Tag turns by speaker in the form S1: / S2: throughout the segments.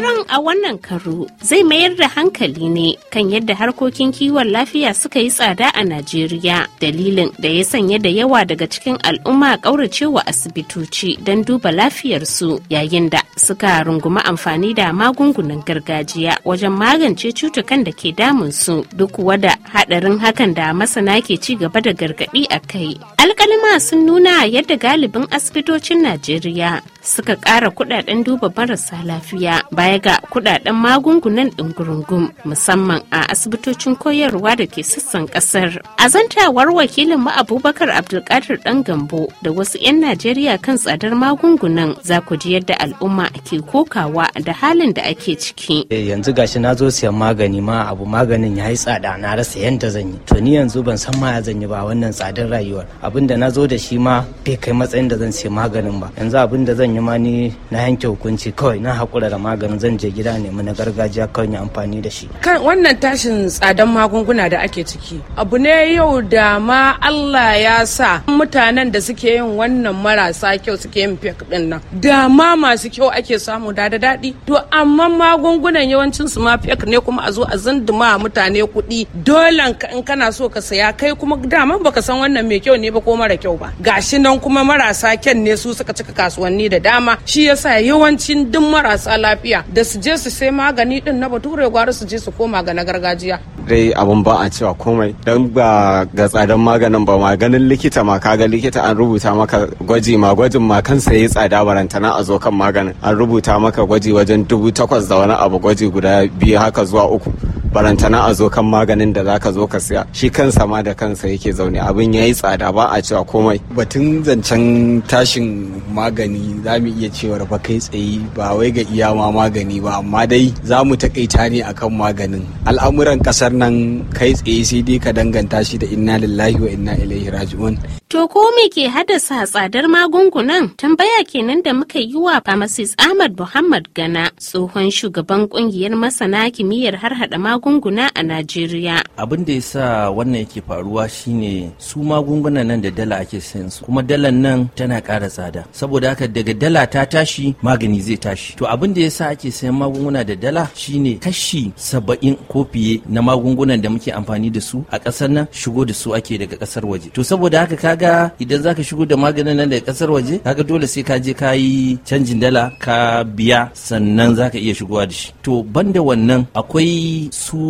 S1: Shirin a wannan karo zai mayar da hankali ne kan yadda harkokin kiwon lafiya suka yi tsada a Najeriya dalilin da ya sanya da yawa daga cikin al'umma ƙauracewa asibitoci don duba lafiyarsu yayin da suka runguma amfani da magungunan gargajiya wajen magance cutukan da ke damunsu duk wada haɗarin hakan da masana ke ci gaba da gargaɗi a kai. Alƙalima sun nuna yadda galibin asibitocin Najeriya suka kara kudaden duba marasa lafiya baya ga kudaden magungunan ɗungurungum musamman a asibitocin koyarwa da ke sassan kasar A zantawar wakilin mu Abubakar Abdulkadir ɗan Gambo da wasu 'yan Najeriya kan tsadar magungunan za ku ji yadda al'umma ke kokawa da halin da ake ciki.
S2: Eh, yanzu gashi na zo siyan magani ma abu maganin ya yi tsada na rasa yanda zan yi. To ni yanzu ban san ma ya zan yi ba wannan tsadar rayuwar. abinda da na zo da shi ma bai kai matsayin da zan siya maganin ba. Yanzu abinda zan zan ma ni na yanke hukunci kawai na haƙura da maganin zan je gida nemi na gargajiya kawai ya amfani da shi kan wannan tashin tsadan magunguna da ake ciki abu ne yau da ma Allah ya sa mutanen da suke yin wannan marasa kyau suke yin fek din nan da ma masu kyau ake samu da da daɗi to amma magungunan yawancin su ma fek ne kuma a zo a zanduma mutane kuɗi dole in kana so ka saya kai kuma dama baka san wannan mai kyau ne ba ko mara kyau ba gashi nan kuma marasa kyan ne su suka cika kasuwanni da dama shi yasa yawancin duk marasa lafiya da su je su sai magani din na bature gwara su je
S1: su koma ga na gargajiya
S3: dai abun ba a cewa komai don ba ga tsadan maganin ba
S2: maganin likita ma kaga likita an rubuta maka gwaji ma gwajin ma kansa yayi tsada barantana a zo kan maganin an rubuta maka gwaji wajen dubu takwas da wani abu gwaji guda biyu haka zuwa uku barantana a zo kan maganin da zaka zo ka siya shi kansa ma da kansa yake zaune abin ya yi tsada ba a cewa komai
S3: batun zancen tashin magani za mu iya cewar ba kai tsaye ba wai ga iya ma magani ba amma dai za mu takaita ne akan maganin al'amuran kasar nan kai tsaye sai dai ka danganta shi da inna lillahi wa inna ilaihi raji'un
S1: To ko me ke haddasa tsadar magungunan? Tambaya kenan da muka yi wa pharmacist Ahmad Muhammad Gana, tsohon shugaban kungiyar masana kimiyyar harhaɗa magunguna a Najeriya.
S2: Abin da yasa wannan yake faruwa shine su magungunan nan da dala ake sayan su, kuma dalan nan tana ƙara tsada. Saboda haka daga dala ta tashi magani zai tashi. To abin da yasa ake sayan magunguna da dala shine kashi saba'in ko fiye na magungunan da muke amfani da su a ƙasar nan shigo da su ake daga ƙasar waje. To saboda haka kaga idan zaka shigo da maganin nan daga kasar waje kaga dole sai ka je ka yi canjin dala ka biya sannan zaka iya shigowa da shi to banda wannan akwai su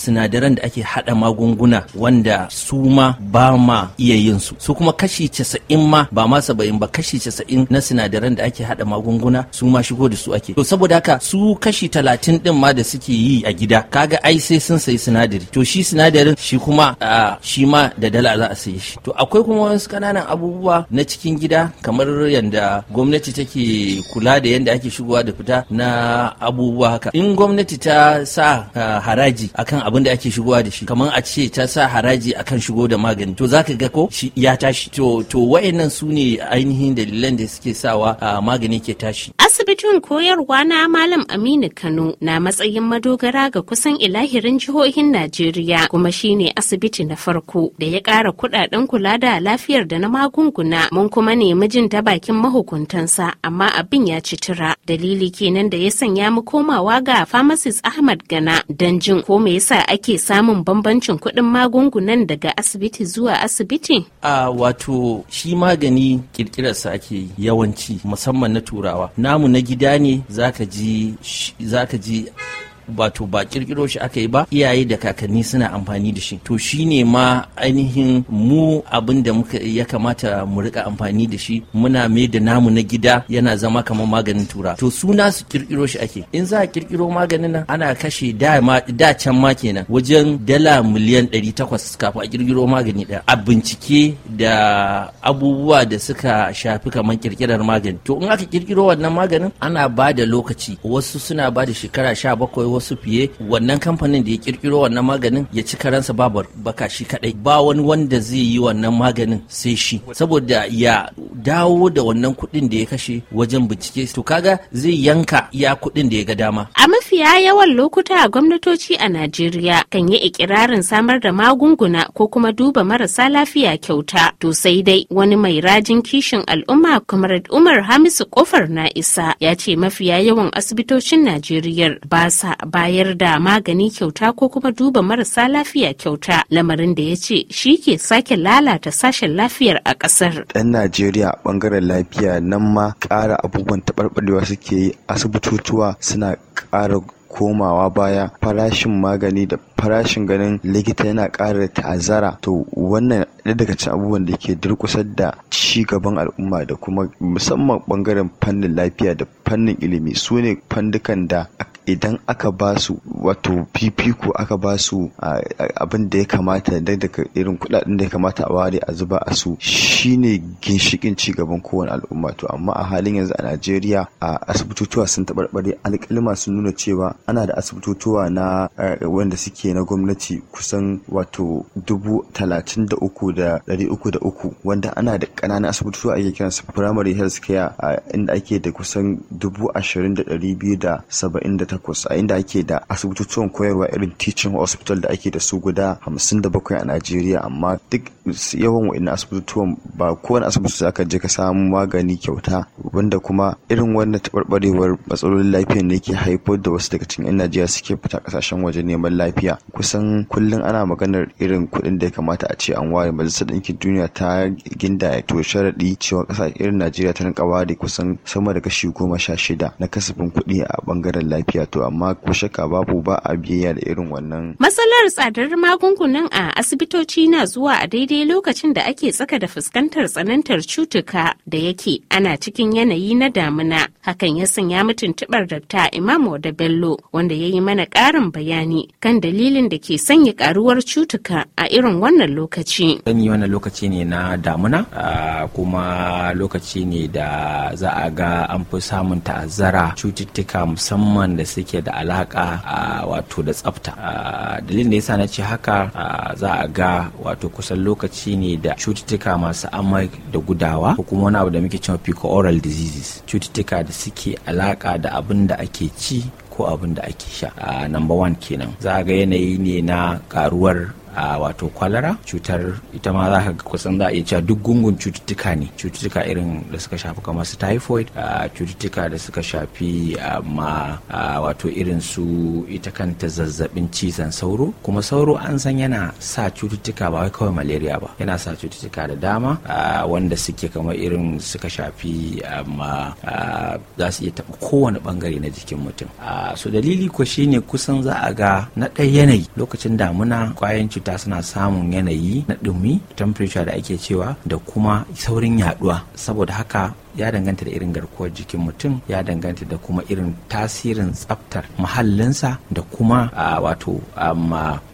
S2: sinadaran da ake hada magunguna wanda su ma ba ma iya yin su su kuma kashi casa'in ma ba ma saba'in ba kashi casa'in na sinadaran da ake hada magunguna su ma shigo da su ake to saboda haka su kashi talatin din ma da suke yi a gida kaga ai sai sun sayi sinadari to shi sinadarin shi kuma ah, shi ma da dala za a sayi shi to akwai kuma wasu kananan abubuwa na cikin gida kamar yadda gwamnati take kula da yadda ake shigowa da fita na abubuwa haka in gwamnati ta sa ah, haraji akan abin da ake shigowa da shi kamar a ce ta sa haraji akan shigo da magani to zaka ga ko shi ya tashi to to wayannan su ne ainihin dalilan da suke sawa ah, magani ke tashi
S1: Asibitin koyarwa na Malam Aminu Kano na matsayin madogara ga kusan ilahirin jihohin Najeriya kuma shine asibiti na farko da ya kara kudaden kula da lafiyar da na magunguna mun kuma nemi jin ta bakin mahukuntansa amma abin ya ci tura. Dalili kenan da ya sanya mu komawa ga pharmacist Ahmad Gana don jin ko me yasa ake samun bambancin kuɗin magungunan daga asibiti zuwa asibiti.
S2: A wato shi magani kirkirarsa ake yawanci musamman na turawa. namu na gida ne za ka ji wato ba kirkiro shi aka yi ba iyaye da kakanni suna amfani da shi to shi ne ma ainihin mu abin da ya kamata mu rika amfani da shi muna mai da namu na gida yana zama kamar maganin tura to suna su kirkiro shi ake in za a kirkiro maganin nan ana kashe da can ma kenan wajen dala miliyan 800 kafin a kirkiro magani ɗaya a bincike da abubuwa da suka shafi kamar kirkirar magani to in aka kirkiro wannan maganin ana ba da lokaci wasu suna ba da shekara 17 wasu fiye wannan kamfanin da ya kirkiro wannan maganin ya ci karansa babar baka shi kadai ba wani wanda zai yi wannan maganin sai shi saboda ya dawo da wannan kuɗin da ya kashe wajen bincike to kaga zai yanka ya kuɗin da ya ga dama
S1: a mafiya yawan lokuta gwamnatoci a najeriya kan yi ikirarin samar da magunguna ko kuma duba marasa lafiya kyauta to sai dai wani mai rajin kishin al'umma kamar umar hamisu kofar na isa ya ce mafiya yawan asibitocin najeriya ba sa bayar da magani kyauta ko kuma duba marasa lafiya kyauta lamarin da ya ce shi ke sake lalata sashen lafiyar a ƙasar.
S3: Ɗan Najeriya bangaren ɓangaren lafiya nan ma ƙara abubuwan taɓarɓarewa suke yi asibitotuwa suna ƙara komawa baya farashin magani da farashin ganin likita yana ƙara ta'azzara to wannan ɗaya daga cikin abubuwan da ke durƙusar da ci gaban al'umma da kuma musamman ɓangaren fannin lafiya da fannin ilimi su ne fandukan da idan aka ba su wato fifiko aka ba su abin da ya kamata daga irin kudaden da ya kamata a ware a zuba a su shine ginshikin ci gaban kowane al'umma to amma a halin yanzu a Najeriya a asibitotuwa sun tabarbare alƙalima sun nuna cewa ana da asibitotuwa na wanda suke na gwamnati kusan wato dubu talatin da uku da dari uku da uku wanda ana da ƙananan asibitotuwa ake kiran su primary health care inda ake da kusan dubu ashirin da ɗari biyu da saba'in da takwas a inda ake da asibitocin koyarwa irin teaching hospital da ake da su guda hamsin da bakwai a najeriya amma duk yawan wa'in asibitocin ba kowane asibiti za ka je ka samu magani kyauta wanda kuma irin wannan taɓarɓarewar matsalolin lafiya ne ke haifar da wasu daga cikin 'yan najeriya suke fita kasashen waje neman lafiya kusan kullum ana maganar irin kuɗin da ya kamata a ce an ware majalisar ɗinkin duniya ta ginda to sharaɗi cewa ƙasa irin najeriya ta rinka ware kusan sama da kashi goma sha shida na kasafin kuɗi a ɓangaren lafiya amma ko shakka babu ba a biyayya da irin wannan.
S1: Matsalar tsadar magungunan a asibitoci na zuwa a daidai lokacin da ake tsaka da fuskantar tsanantar cutuka da yake ana cikin yanayi na damuna. Hakan ya sanya mutuntubar Dr. Imam da Bello wanda ya yi mana ƙarin bayani kan dalilin da ke sanya karuwar cutuka a irin wannan lokaci.
S2: wannan lokaci ne na damuna kuma lokaci ne da za a ga an fi samun ta'azzara cututtuka musamman da suke da alaka wato da tsafta dalilin da yasa na ce haka za a ga wato kusan lokaci ne da cututtuka masu amai da gudawa ko kuma wani abu da muke cewa pico oral diseases cututtuka da suke alaka da abin da ake ci ko abin da ake sha a number one kenan za a ga yanayi ne na karuwar a wato kwalara cutar ita ma za ka kusan za a iya cewa duk gungun cututtuka ne cututtuka irin da suka shafi kamar su typhoid cututtuka da suka shafi ma wato irin su ita kanta zazzabin cizon sauro kuma sauro an san yana sa cututtuka ba wai kawai malaria ba yana sa cututtuka da dama wanda suke kamar irin suka shafi ma za su iya taɓa kowane ɓangare na jikin mutum so dalili ko shine kusan za a ga na ɗaya yanayi lokacin damuna kwayan cuta mata suna samun yanayi na ɗumi temperature da ake cewa da kuma saurin yaduwa saboda haka ya danganta da irin garkuwar jikin mutum ya danganta da kuma irin tasirin tsaftar muhallinsa da kuma ah, wato ah,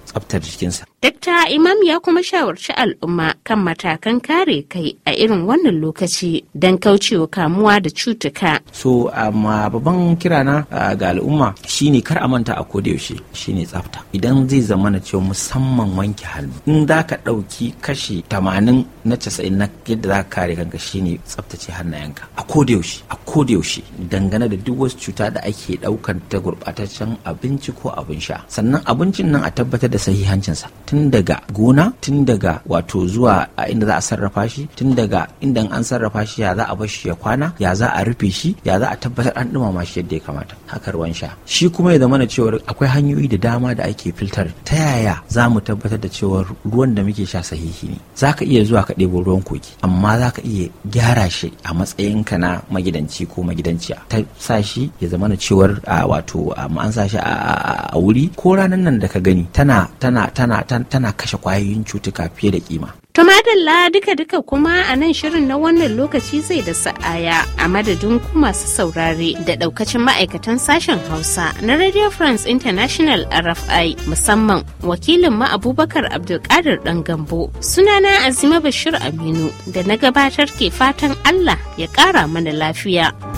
S2: tsaftar jikinsa
S1: Dakta Imam ya kuma shawarci al'umma kan matakan kare kai a irin wannan lokaci don kaucewa kamuwa da cutuka.
S2: So, amma babban kirana ga al'umma shine kar a manta a kodayaushe yaushe shine tsafta. Idan zai zama na cewa musamman wanke hannu. In za ka ɗauki kashi tamanin na casa'in na yadda za ka kare kanka shine tsaftace hannayenka. A kodayaushe. yaushe, a kodayaushe. dangane da duk wasu cuta da ake ɗaukan ta gurɓataccen abinci ko abin sha. Sannan abincin nan a tabbatar da sahihancinsa. tun daga gona tun daga wato zuwa a inda za a sarrafa shi tun daga inda an sarrafa shi ya za a bar shi ya kwana ya za a rufe shi ya za a tabbatar an dumama shi yadda ya kamata haka ruwan sha shi kuma ya na cewa akwai hanyoyi da dama da ake filtar ta yaya za mu tabbatar da cewa ruwan da muke sha sahihi ne za ka iya zuwa ka ɗebo ruwan koki amma za ka iya gyara shi a matsayinka na magidanci ko magidanciya ta sa shi ya zamana cewar wato an sa shi a wuri ko ranar nan da ka gani tana tana tana tana tana kashe kwayoyin cutuka fiye da kima.
S1: To duka-duka kuma a nan shirin na wannan lokaci zai da sa'aya a madadin ku masu saurare da daukacin ma'aikatan sashen Hausa na Radio France International RFI musamman wakilin ma Abubakar Abdulkadir dan Gambo. Sunana Azima Bashir Aminu da na gabatar ke fatan Allah ya kara mana lafiya.